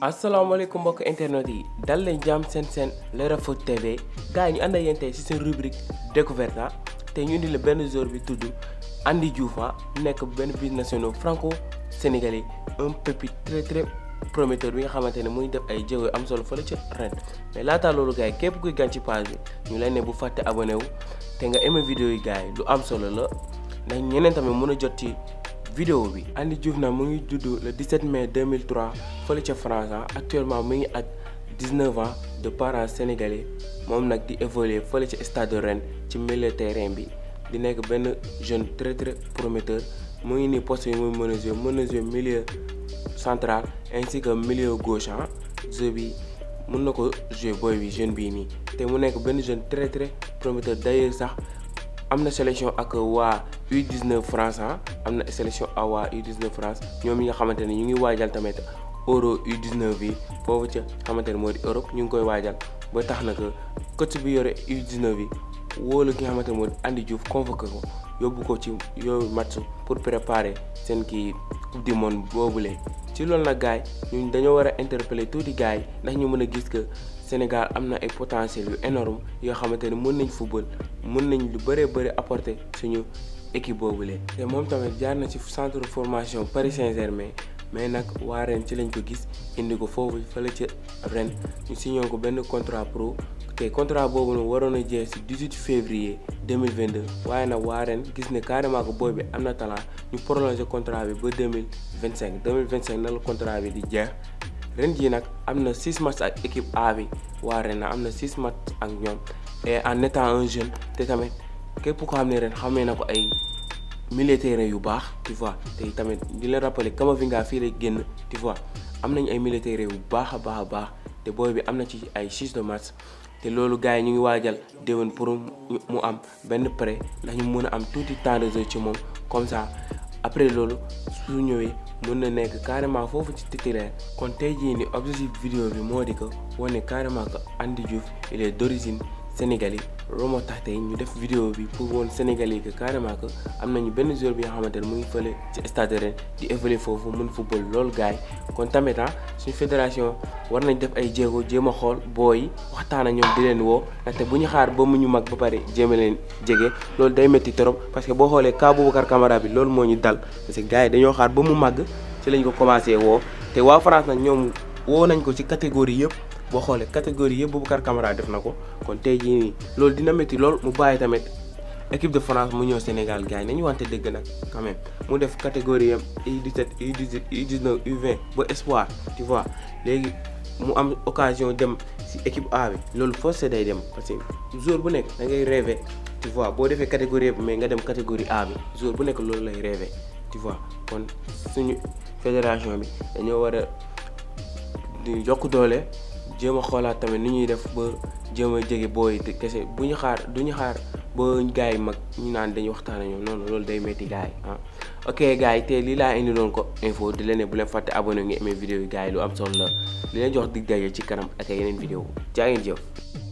asalaamaaleykum mbokk internet yi dal leen jàmm seen seen Leral Foot TV gars yi ñu ànd a yéen tey ci seen rubrique découverte ah, te ñu di la benn joueur bi tudd andi Diouf ah, nekk benn binational franco sénégalais un pépite très très prometteur bi nga xamante ne muy def ay jéego am solo fële ca Rennes mais laata loolu gars yi képp kuy gan ci page bi ñu lay ne bu fàtte abonné wu te nga aimé vidéo yi gars yi lu am solo la ndax ñeneen tamit mën a jot ci. vidéo bi Andy Diouf le 17 mai 2003 en France actuellement mu ngi 19 ah. ans de parents sénégalais moom évolue di évoluer stade de Rennes ci milieu terrain bi di nekk jeune très très prometteur mu ngi nii poste milieu central ainsi que milieu gauche Je ah. jeu bi mën na jouer booy bi jeune bii jeune très très prometteur d'ailleurs am na sélection ak waa U19 France ah, am na sélection ak waa U19 France ñoom yi nga xamante ne ñu ngi waajal tamit euro U19 bi foofu ca xamante ne moo di Europe ñu ngi koy waajal ba tax na que bi yore U19 bi wóolu ki nga xamante moo di Andy Diouf convoqué ko yóbbu ko ci yooyu match pour préparer seen kii coupe du monde boobule. ci loolu nag gars yi ñun dañoo war a interpeller tuuti gaay yi ndax ñu mën a gis que Sénégal am na ay potentiel yu énorme yoo xamante ne mën nañ football mën nañ lu bëree bëri apporter suñu équipe boobule. te moom tamit jaar na ci centre formation Paris Saint-Germain mais nag waa ren ci lañ ko gis indi ko foofu fële ci ren ñu signé ko benn contrat pro. te contrat boobu noonu waroon a jeex si 18 février 2022 waaye nag waa ren gis ne carrément que booy bi am na talent ñu prolongé contrat bi ba 2025 2025 na la contrat bi di jeex ren jii nag am na 6 matchs ak équipe A bi waa ren am na 6 matchs ak ñoom et en étant un jeune te tamit képp pourquoi xam ne ren xamee na ko ay militaire yu baax tu vois te tamit di leen rappeler Camavinga fii lay génn tu vois am nañu ay militaire yu baax a baax a baax te booy bi am na ci ay 6 de match te loolu ñu ngi pour mu am benn prêt ndax ñu mëna am tout temps de jeu ci comme ça après lolu su ñëwé mën na nekk carrément foofu ci titulaire kon tey ni objectif vidéo bi moo di ko wane carrément que andi Diouf il est d'origine Sénégal yi loolu moo tax tey ñu def vidéo bi pour woon Sénégal yi que carrément que am ñu benn joueur bi nga xamante ne mu ngi fële ci stade Rennes di évoluer foofu mun football loolu gaay kon tamit ah suñu fédération war nañ def ay jéego jéem a xool booy waxtaan ak ñoom di leen woo ndaxte bu ñu xaar ba mu ñu mag ba pare jéem leen jege loolu day métti trop parce que boo xoolee cas Boubacar Camara bi loolu moo ñu dal parce que gars yi dañoo xaar ba mu màgg ci lañ ko commencé woo te waa France nag ñoom woo nañ ko ci catégorie yëpp. bo xolé catégorie yëpp Boubacar Camara def nako kon tey jii nii loolu dina metti lool mu bàyyi tamit équipe de France mu ñëw Sénégal gars nañu wanté dëgg nak quand même mu def catégorie yeb U17 U18 U19 U20 bo espoir tu vois légui mu am occasion dem ci équipe A bi loolu forcé day dem parce que joueur bu nek da ngay rêver tu vois bo defee catégorie yeb mais nga dem catégorie A bi joueur bu nek loolu lay rêver tu vois kon suñu fédération bi dañu wara di yokk doole. jéem a xoolaat tamit ni ñuy def ba jéem a jege booy te kese bu ñu xaar du ñu xaar boo gars yi mag ñu naan dañuy waxtaan ak ñoom noonu loolu day metti gars yi ah. ok gars yi te lii laa indi doon ko info di leen ne bu la fàtte abonné nga amee vidéo yi gars yi lu am solo la li la jox dig daje ci kanam ak yeneen vidéo jaa ngeen jëf.